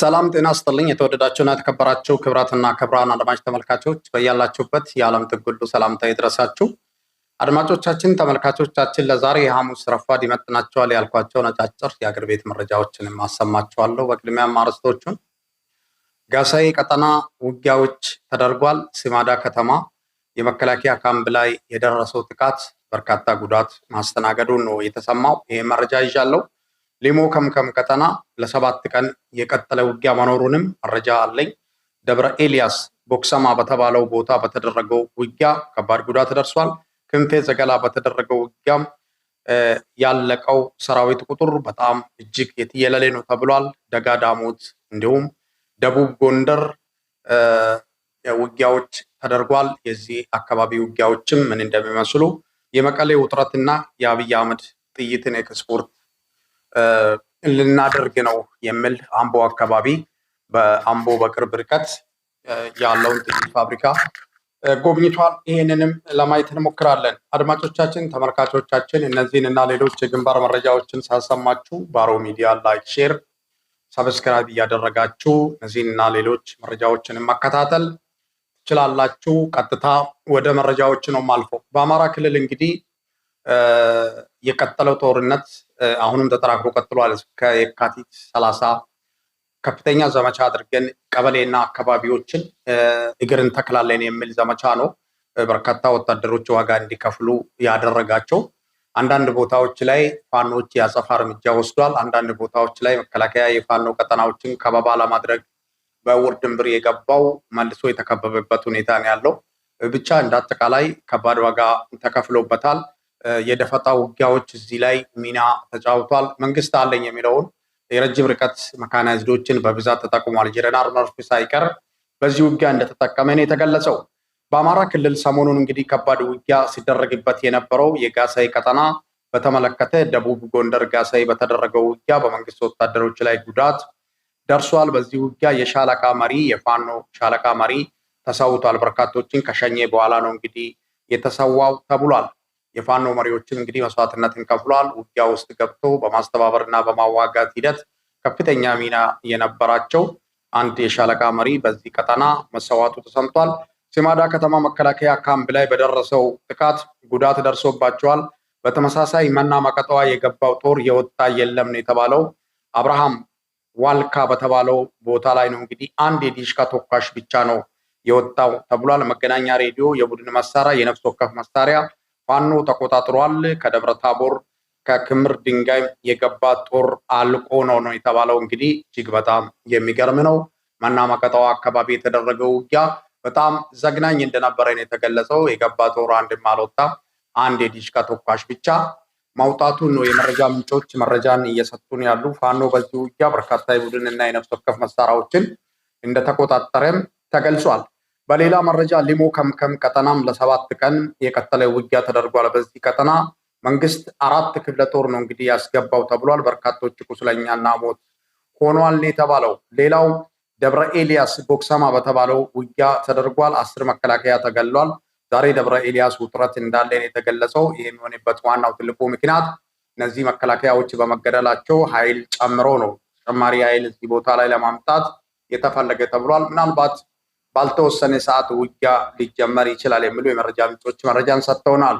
ሰላም ጤና ስጥልኝ። የተወደዳችሁና የተከበራችሁ ክብራትና ክብራን አድማጭ ተመልካቾች በያላችሁበት የዓለም ጥግ ሁሉ ሰላምታ ይድረሳችሁ። አድማጮቻችን፣ ተመልካቾቻችን ለዛሬ የሐሙስ ረፋድ ይመጥናቸዋል ያልኳቸው ነጫጭር የአገር ቤት መረጃዎችን አሰማችኋለሁ። በቅድሚያ አርዕስቶቹን፣ ጋሳይ ቀጠና ውጊያዎች ተደርጓል። ሲማዳ ከተማ የመከላከያ ካምፕ ላይ የደረሰው ጥቃት በርካታ ጉዳት ማስተናገዱ ነው የተሰማው። ይህ መረጃ ይዣለሁ። ሊሞ ከምከም ቀጠና ለሰባት ቀን የቀጠለ ውጊያ መኖሩንም መረጃ አለኝ። ደብረ ኤልያስ ቦክሰማ በተባለው ቦታ በተደረገው ውጊያ ከባድ ጉዳት ደርሷል። ክንፌ ዘገላ በተደረገው ውጊያም ያለቀው ሰራዊት ቁጥር በጣም እጅግ የትየለሌ ነው ተብሏል። ደጋ ዳሞት፣ እንዲሁም ደቡብ ጎንደር ውጊያዎች ተደርጓል። የዚህ አካባቢ ውጊያዎችም ምን እንደሚመስሉ የመቀሌ ውጥረትና የአብይ አህመድ ጥይትን ኤክስፖርት ልናደርግ ነው የሚል አምቦ አካባቢ በአምቦ በቅርብ ርቀት ያለውን ጥይት ፋብሪካ ጎብኝቷል። ይህንንም ለማየት እንሞክራለን። አድማጮቻችን፣ ተመልካቾቻችን እነዚህን እና ሌሎች የግንባር መረጃዎችን ሳሰማችሁ ባሮ ሚዲያ ላይክ፣ ሼር፣ ሰብስክራይብ እያደረጋችሁ እነዚህን እና ሌሎች መረጃዎችን መከታተል ትችላላችሁ። ቀጥታ ወደ መረጃዎች ነው ማልፎ በአማራ ክልል እንግዲህ የቀጠለው ጦርነት አሁንም ተጠራክሮ ቀጥሏል። እስከ የካቲት ሰላሳ ከፍተኛ ዘመቻ አድርገን ቀበሌና አካባቢዎችን እግር እንተክላለን የሚል ዘመቻ ነው። በርካታ ወታደሮች ዋጋ እንዲከፍሉ ያደረጋቸው አንዳንድ ቦታዎች ላይ ፋኖች የአጸፋ እርምጃ ወስዷል። አንዳንድ ቦታዎች ላይ መከላከያ የፋኖ ቀጠናዎችን ከበባ ለማድረግ በውር ድንብር የገባው መልሶ የተከበበበት ሁኔታ ነው ያለው። ብቻ እንደ አጠቃላይ ከባድ ዋጋ ተከፍሎበታል። የደፈጣ ውጊያዎች እዚህ ላይ ሚና ተጫውቷል። መንግስት አለኝ የሚለውን የረጅም ርቀት መካናይዝዶችን በብዛት ተጠቁሟል። ጀረናር መርፊ ሳይቀር በዚህ ውጊያ እንደተጠቀመ ነው የተገለጸው። በአማራ ክልል ሰሞኑን እንግዲህ ከባድ ውጊያ ሲደረግበት የነበረው የጋሳይ ቀጠና በተመለከተ ደቡብ ጎንደር ጋሳይ በተደረገው ውጊያ በመንግስት ወታደሮች ላይ ጉዳት ደርሷል። በዚህ ውጊያ የሻለቃ መሪ የፋኖ ሻለቃ መሪ ተሰውቷል። በርካቶችን ከሸኘ በኋላ ነው እንግዲህ የተሰዋው ተብሏል። የፋኖ መሪዎችም እንግዲህ መስዋዕትነትን ከፍሏል። ውጊያ ውስጥ ገብቶ በማስተባበርና በማዋጋት ሂደት ከፍተኛ ሚና የነበራቸው አንድ የሻለቃ መሪ በዚህ ቀጠና መሰዋቱ ተሰምቷል። ሲማዳ ከተማ መከላከያ ካምፕ ላይ በደረሰው ጥቃት ጉዳት ደርሶባቸዋል። በተመሳሳይ መና መቀጠዋ የገባው ጦር የወጣ የለም ነው የተባለው። አብርሃም ዋልካ በተባለው ቦታ ላይ ነው እንግዲህ አንድ የዲሽካ ተኳሽ ብቻ ነው የወጣው ተብሏል። መገናኛ ሬዲዮ የቡድን መሳሪያ፣ የነፍስ ወከፍ መሳሪያ ፋኖ ተቆጣጥሯል። ከደብረ ታቦር ከክምር ድንጋይ የገባ ጦር አልቆ ነው ነው የተባለው። እንግዲህ እጅግ በጣም የሚገርም ነው። መናመቀጠዋ አካባቢ የተደረገው ውጊያ በጣም ዘግናኝ እንደነበረ ነው የተገለጸው። የገባ ጦር አንድም አልወጣም። አንድ የዲሽካ ተኳሽ ብቻ ማውጣቱን ነው የመረጃ ምንጮች መረጃን እየሰጡን ያሉ። ፋኖ በዚህ ውጊያ በርካታ የቡድንና የነፍስ ወከፍ መሳሪያዎችን እንደተቆጣጠረም ተገልጿል። በሌላ መረጃ ሊሞ ከምከም ቀጠናም ለሰባት ቀን የቀጠለ ውጊያ ተደርጓል። በዚህ ቀጠና መንግስት አራት ክፍለ ጦር ነው እንግዲህ ያስገባው ተብሏል። በርካቶች ቁስለኛና ሞት ሆኗል የተባለው። ሌላው ደብረ ኤልያስ ቦክሰማ በተባለው ውጊያ ተደርጓል። አስር መከላከያ ተገሏል። ዛሬ ደብረ ኤልያስ ውጥረት እንዳለ የተገለጸው ይህ የሚሆንበት ዋናው ትልቁ ምክንያት እነዚህ መከላከያዎች በመገደላቸው ኃይል ጨምሮ ነው። ተጨማሪ ኃይል እዚህ ቦታ ላይ ለማምጣት የተፈለገ ተብሏል ምናልባት ባልተወሰነ ሰዓት ውጊያ ሊጀመር ይችላል የሚሉ የመረጃ ምንጮች መረጃን ሰጥተውናል።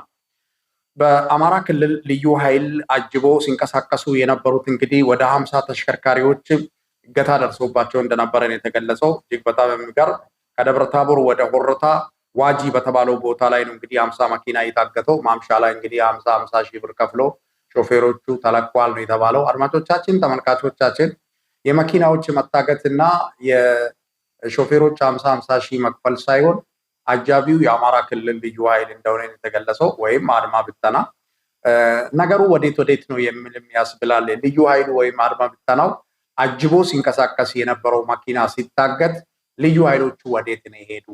በአማራ ክልል ልዩ ኃይል አጅቦ ሲንቀሳቀሱ የነበሩት እንግዲህ ወደ ሀምሳ ተሽከርካሪዎች እገታ ደርሶባቸው እንደነበረን የተገለጸው እጅግ በጣም የሚገርም ከደብረ ታቦር ወደ ሆሮታ ዋጂ በተባለው ቦታ ላይ ነው እንግዲህ አምሳ መኪና የታገተው። ማምሻ ላይ እንግዲህ አምሳ አምሳ ሺህ ብር ከፍሎ ሾፌሮቹ ተለቋል ነው የተባለው። አድማጮቻችን፣ ተመልካቾቻችን የመኪናዎች መታገትና ሾፌሮች ሀምሳ ሀምሳ ሺህ መክፈል ሳይሆን አጃቢው የአማራ ክልል ልዩ ኃይል እንደሆነ የተገለጸው ወይም አድማ ብተና ነገሩ ወዴት ወዴት ነው የሚልም ያስብላል። ልዩ ኃይሉ ወይም አድማ ብተናው አጅቦ ሲንቀሳቀስ የነበረው መኪና ሲታገት ልዩ ኃይሎቹ ወዴት ነው የሄዱ?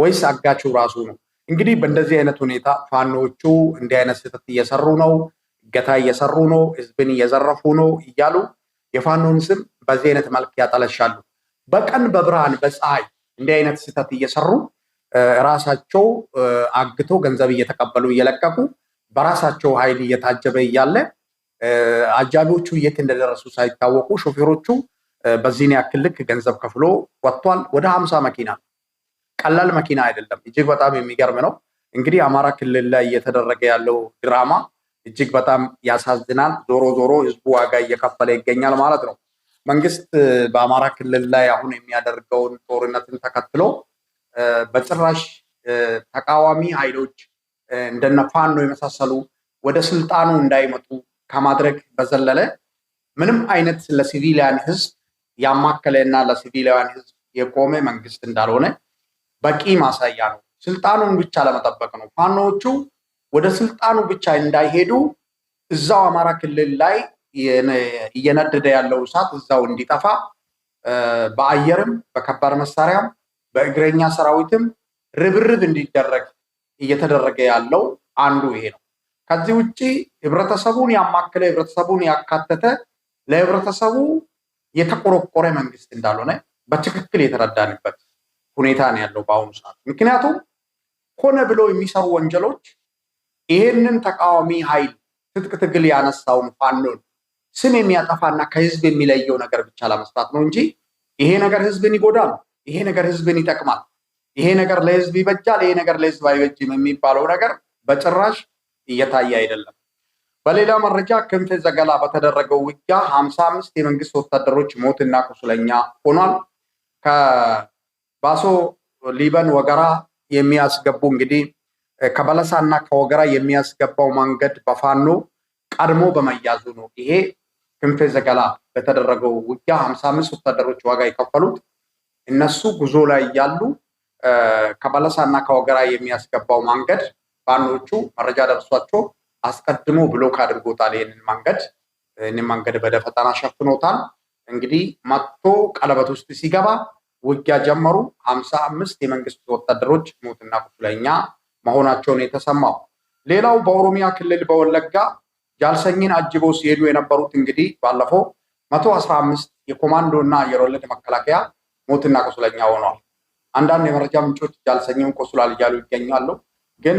ወይስ አጋቹ ራሱ ነው? እንግዲህ በእንደዚህ አይነት ሁኔታ ፋኖቹ እንዲህ አይነት ስህተት እየሰሩ ነው፣ እገታ እየሰሩ ነው፣ ህዝብን እየዘረፉ ነው እያሉ የፋኖን ስም በዚህ አይነት መልክ ያጠለሻሉ። በቀን በብርሃን በፀሐይ እንዲህ አይነት ስህተት እየሰሩ ራሳቸው አግቶ ገንዘብ እየተቀበሉ እየለቀቁ በራሳቸው ኃይል እየታጀበ እያለ አጃቢዎቹ የት እንደደረሱ ሳይታወቁ ሾፌሮቹ በዚህን ያክል ልክ ገንዘብ ከፍሎ ወጥቷል። ወደ ሀምሳ መኪና ቀላል መኪና አይደለም። እጅግ በጣም የሚገርም ነው። እንግዲህ አማራ ክልል ላይ እየተደረገ ያለው ድራማ እጅግ በጣም ያሳዝናል። ዞሮ ዞሮ ህዝቡ ዋጋ እየከፈለ ይገኛል ማለት ነው። መንግስት በአማራ ክልል ላይ አሁን የሚያደርገውን ጦርነትን ተከትሎ በጭራሽ ተቃዋሚ ኃይሎች እንደነ ፋኖ የመሳሰሉ ወደ ስልጣኑ እንዳይመጡ ከማድረግ በዘለለ ምንም አይነት ለሲቪሊያን ህዝብ ያማከለ እና ለሲቪሊያን ህዝብ የቆመ መንግስት እንዳልሆነ በቂ ማሳያ ነው። ስልጣኑን ብቻ ለመጠበቅ ነው። ፋኖዎቹ ወደ ስልጣኑ ብቻ እንዳይሄዱ እዛው አማራ ክልል ላይ እየነደደ ያለው እሳት እዛው እንዲጠፋ በአየርም በከባድ መሳሪያም በእግረኛ ሰራዊትም ርብርብ እንዲደረግ እየተደረገ ያለው አንዱ ይሄ ነው። ከዚህ ውጭ ህብረተሰቡን ያማከለ ህብረተሰቡን ያካተተ ለህብረተሰቡ የተቆረቆረ መንግስት እንዳልሆነ በትክክል የተረዳንበት ሁኔታ ነው ያለው በአሁኑ ሰዓት። ምክንያቱም ሆነ ብሎ የሚሰሩ ወንጀሎች ይሄንን ተቃዋሚ ኃይል ትጥቅ ትግል ያነሳውን ፋኖን ስም የሚያጠፋና ከህዝብ የሚለየው ነገር ብቻ ለመስራት ነው እንጂ ይሄ ነገር ህዝብን ይጎዳል፣ ይሄ ነገር ህዝብን ይጠቅማል፣ ይሄ ነገር ለህዝብ ይበጃል፣ ይሄ ነገር ለህዝብ አይበጅም የሚባለው ነገር በጭራሽ እየታየ አይደለም። በሌላ መረጃ ክንፈ ዘገላ በተደረገው ውጊያ ሀምሳ አምስት የመንግስት ወታደሮች ሞትና ቁስለኛ ሆኗል። ከባሶ ሊበን ወገራ የሚያስገቡ እንግዲህ ከበለሳና ከወገራ የሚያስገባው መንገድ በፋኖ ቀድሞ በመያዙ ነው ይሄ ክንፌ ዘገላ በተደረገው ውጊያ ሀምሳ አምስት ወታደሮች ዋጋ የከፈሉት እነሱ ጉዞ ላይ እያሉ ከበለሳ እና ከወገራ የሚያስገባው መንገድ ባንዶቹ መረጃ ደርሷቸው አስቀድሞ ብሎክ አድርጎታል። ይህንን መንገድ ይህንን መንገድ በደፈጠና ሸፍኖታል። እንግዲህ መጥቶ ቀለበት ውስጥ ሲገባ ውጊያ ጀመሩ። ሀምሳ አምስት የመንግስት ወታደሮች ሞትና ቁስለኛ መሆናቸውን የተሰማው ሌላው በኦሮሚያ ክልል በወለጋ ጃልሰኝን አጅበው ሲሄዱ የነበሩት እንግዲህ ባለፈው መቶ አስራ አምስት የኮማንዶ እና አየር ወለድ መከላከያ ሞትና ቁስለኛ ሆኗል። አንዳንድ የመረጃ ምንጮች ጃልሰኝን ቆስሏል እያሉ ይገኛሉ። ግን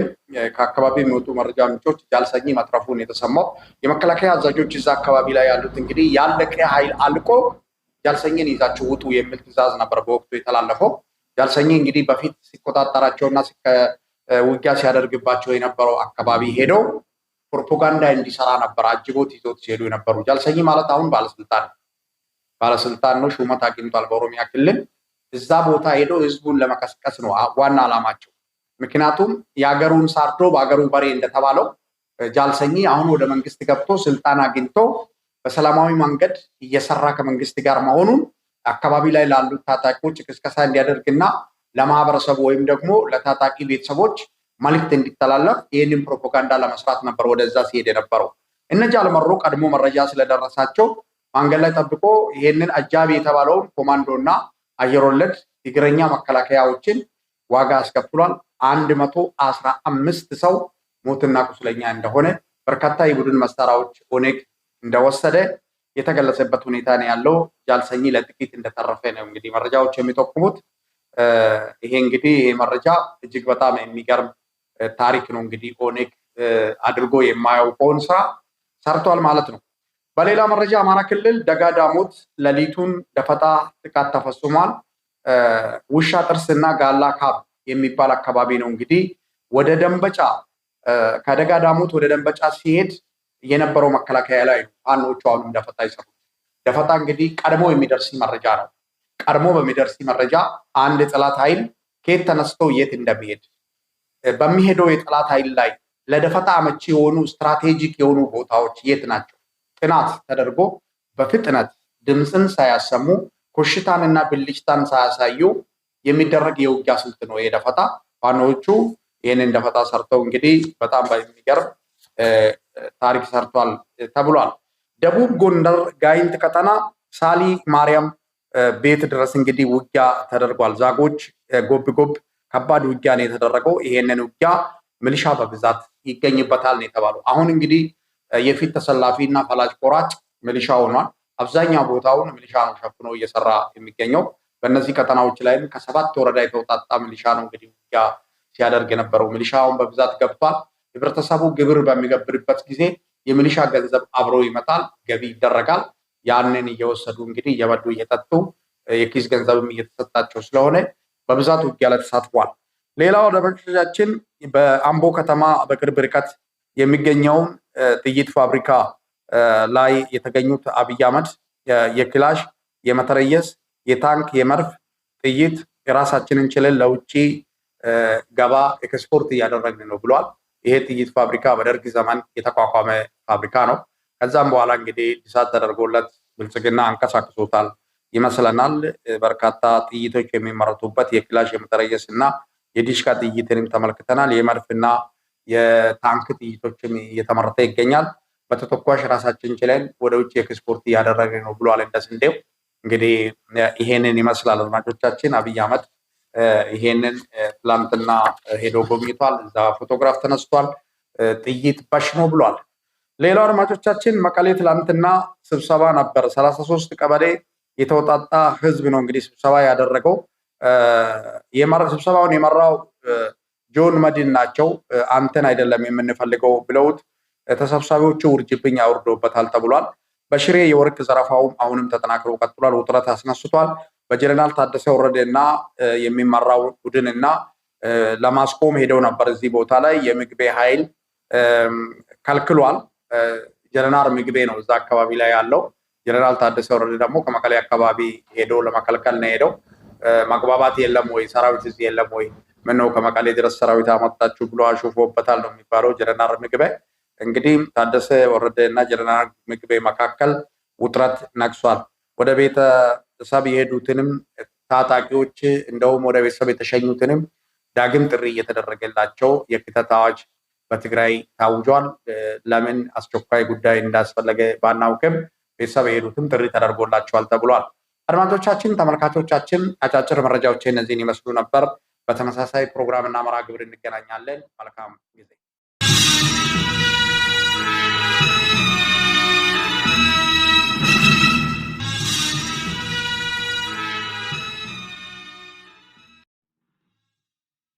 ከአካባቢ የሚወጡ መረጃ ምንጮች ጃልሰኝ መትረፉን የተሰማው የመከላከያ አዛዦች እዛ አካባቢ ላይ ያሉት እንግዲህ ያለቀ ኃይል አልቆ ጃልሰኝን ይዛቸው ውጡ የሚል ትዕዛዝ ነበር በወቅቱ የተላለፈው። ጃልሰኝ እንግዲህ በፊት ሲቆጣጠራቸውና ውጊያ ሲያደርግባቸው የነበረው አካባቢ ሄደው ፕሮፓጋንዳ እንዲሰራ ነበር አጅቦት ይዞት ሲሄዱ የነበሩ። ጃልሰኝ ማለት አሁን ባለስልጣን ባለስልጣን ነው፣ ሹመት አግኝቷል በኦሮሚያ ክልል። እዛ ቦታ ሄደው ህዝቡን ለመቀስቀስ ነው ዋና ዓላማቸው። ምክንያቱም የሀገሩን ሳርዶ በሀገሩ በሬ እንደተባለው ጃልሰኝ አሁን ወደ መንግስት ገብቶ ስልጣን አግኝቶ በሰላማዊ መንገድ እየሰራ ከመንግስት ጋር መሆኑን አካባቢ ላይ ላሉት ታጣቂዎች ቅስቀሳ እንዲያደርግና ለማህበረሰቡ ወይም ደግሞ ለታጣቂ ቤተሰቦች መልእክት እንዲተላለፍ ይህንን ፕሮፓጋንዳ ለመስራት ነበር ወደዛ ሲሄድ የነበረው። እነዚህ አልመሮ ቀድሞ መረጃ ስለደረሳቸው መንገድ ላይ ጠብቆ ይህንን አጃቢ የተባለውን ኮማንዶና አየር ወለድ እግረኛ መከላከያዎችን ዋጋ አስከፍሏል። አንድ መቶ አስራ አምስት ሰው ሞትና ቁስለኛ እንደሆነ በርካታ የቡድን መሳሪያዎች ኦኔግ እንደወሰደ የተገለጸበት ሁኔታ ነው ያለው። ጃልሰኝ ለጥቂት እንደተረፈ ነው እንግዲህ መረጃዎች የሚጠቁሙት። ይሄ እንግዲህ ይሄ መረጃ እጅግ በጣም የሚገርም ታሪክ ነው እንግዲህ ኦኔግ አድርጎ የማያውቀውን ስራ ሰርቷል ማለት ነው። በሌላ መረጃ አማራ ክልል ደጋ ዳሞት ሌሊቱን ደፈጣ ጥቃት ተፈጽሟል። ውሻ ጥርስና ጋላ ካብ የሚባል አካባቢ ነው እንግዲህ ወደ ደንበጫ ከደጋ ዳሞት ወደ ደንበጫ ሲሄድ የነበረው መከላከያ ላይ ነው ፋኖቹ አሁንም ደፈጣ ይሰሩ። ደፈጣ እንግዲህ ቀድሞ የሚደርስ መረጃ ነው። ቀድሞ በሚደርስ መረጃ አንድ ጥላት ኃይል ከየት ተነስቶ የት እንደሚሄድ በሚሄደው የጠላት ኃይል ላይ ለደፈጣ አመቺ የሆኑ ስትራቴጂክ የሆኑ ቦታዎች የት ናቸው? ጥናት ተደርጎ በፍጥነት ድምፅን ሳያሰሙ ኩሽታንና ብልጭታን ሳያሳዩ የሚደረግ የውጊያ ስልት ነው የደፈጣ። ፋኖቹ ይህንን ደፈጣ ሰርተው እንግዲህ በጣም በሚገርም ታሪክ ሰርቷል ተብሏል። ደቡብ ጎንደር ጋይንት ቀጠና ሳሊ ማርያም ቤት ድረስ እንግዲህ ውጊያ ተደርጓል። ዛጎች ጎብ ጎብ ከባድ ውጊያ ነው የተደረገው። ይሄንን ውጊያ ሚሊሻ በብዛት ይገኝበታል ነው የተባለው። አሁን እንግዲህ የፊት ተሰላፊ እና ፈላጭ ቆራጭ ሚሊሻ ሆኗል። አብዛኛው ቦታውን ሚሊሻ ነው ሸፍኖ እየሰራ የሚገኘው። በእነዚህ ቀጠናዎች ላይም ከሰባት ወረዳ የተውጣጣ ሚሊሻ ነው እንግዲህ ውጊያ ሲያደርግ የነበረው። ሚሊሻውን በብዛት ገብቷል። ህብረተሰቡ ግብር በሚገብርበት ጊዜ የሚሊሻ ገንዘብ አብሮ ይመጣል፣ ገቢ ይደረጋል። ያንን እየወሰዱ እንግዲህ እየበሉ እየጠጡ የኪስ ገንዘብም እየተሰጣቸው ስለሆነ በብዛት ውጊያ ላይ ተሳትፏል። ሌላው አድማጮቻችን በአምቦ ከተማ በቅርብ ርቀት የሚገኘውም ጥይት ፋብሪካ ላይ የተገኙት አብይ አህመድ የክላሽ የመተረየስ የታንክ የመድፍ ጥይት የራሳችንን ችለን ለውጭ ገባ ኤክስፖርት እያደረግን ነው ብሏል። ይሄ ጥይት ፋብሪካ በደርግ ዘመን የተቋቋመ ፋብሪካ ነው። ከዛም በኋላ እንግዲህ ዲሳት ተደርጎለት ብልጽግና አንቀሳቅሶታል። ይመስለናል። በርካታ ጥይቶች የሚመረቱበት የክላሽ የመተረየስ እና የዲሽካ ጥይትንም ተመልክተናል። የመድፍና የታንክ ጥይቶችም እየተመረተ ይገኛል። በተተኳሽ ራሳችን ችለን ወደ ውጭ ኤክስፖርት እያደረገ ነው ብሏል። እንደ ስንዴው እንግዲህ ይሄንን ይመስላል። አድማጮቻችን አብይ አህመድ ይሄንን ትላንትና ሄዶ ጎብኝቷል። እዛ ፎቶግራፍ ተነስቷል። ጥይት ባሽ ነው ብሏል። ሌላው አድማጮቻችን መቀሌ ትላንትና ስብሰባ ነበር። ሰላሳ ሶስት ቀበሌ የተወጣጣ ህዝብ ነው እንግዲህ ስብሰባ ያደረገው። ስብሰባውን የመራው ጆን መድን ናቸው። አንተን አይደለም የምንፈልገው ብለውት ተሰብሳቢዎቹ ውርጅብኝ አውርዶበታል ተብሏል። በሽሬ የወርቅ ዘረፋውም አሁንም ተጠናክሮ ቀጥሏል። ውጥረት አስነስቷል። በጀነራል ታደሰ ወረደ እና የሚመራው ቡድን እና ለማስቆም ሄደው ነበር። እዚህ ቦታ ላይ የምግቤ ኃይል ከልክሏል። ጀነራል ምግቤ ነው እዛ አካባቢ ላይ ያለው ጀነራል ታደሰ ወረደ ደግሞ ከመቀሌ አካባቢ ሄዶ ለመከልከል ነው ሄደው መግባባት የለም ወይ ሰራዊት እዚህ የለም ወይ ምነው ከመቀሌ ድረስ ሰራዊት አመጣችሁ ብሎ አሹፎበታል ነው የሚባለው። ጀነራል ምግቤ እንግዲህ ታደሰ ወረደ እና ጀነራል ምግቤ መካከል ውጥረት ነግሷል። ወደ ቤተሰብ የሄዱትንም ታጣቂዎች እንደውም ወደ ቤተሰብ የተሸኙትንም ዳግም ጥሪ እየተደረገላቸው የክተት አዋጅ በትግራይ ታውጇል። ለምን አስቸኳይ ጉዳይ እንዳስፈለገ ባናውቅም ቤተሰብ የሄዱትም ጥሪ ተደርጎላቸዋል ተብሏል። አድማጮቻችን፣ ተመልካቾቻችን አጫጭር መረጃዎች እነዚህን ይመስሉ ነበር። በተመሳሳይ ፕሮግራምና መርሃ ግብር እንገናኛለን። መልካም ጊዜ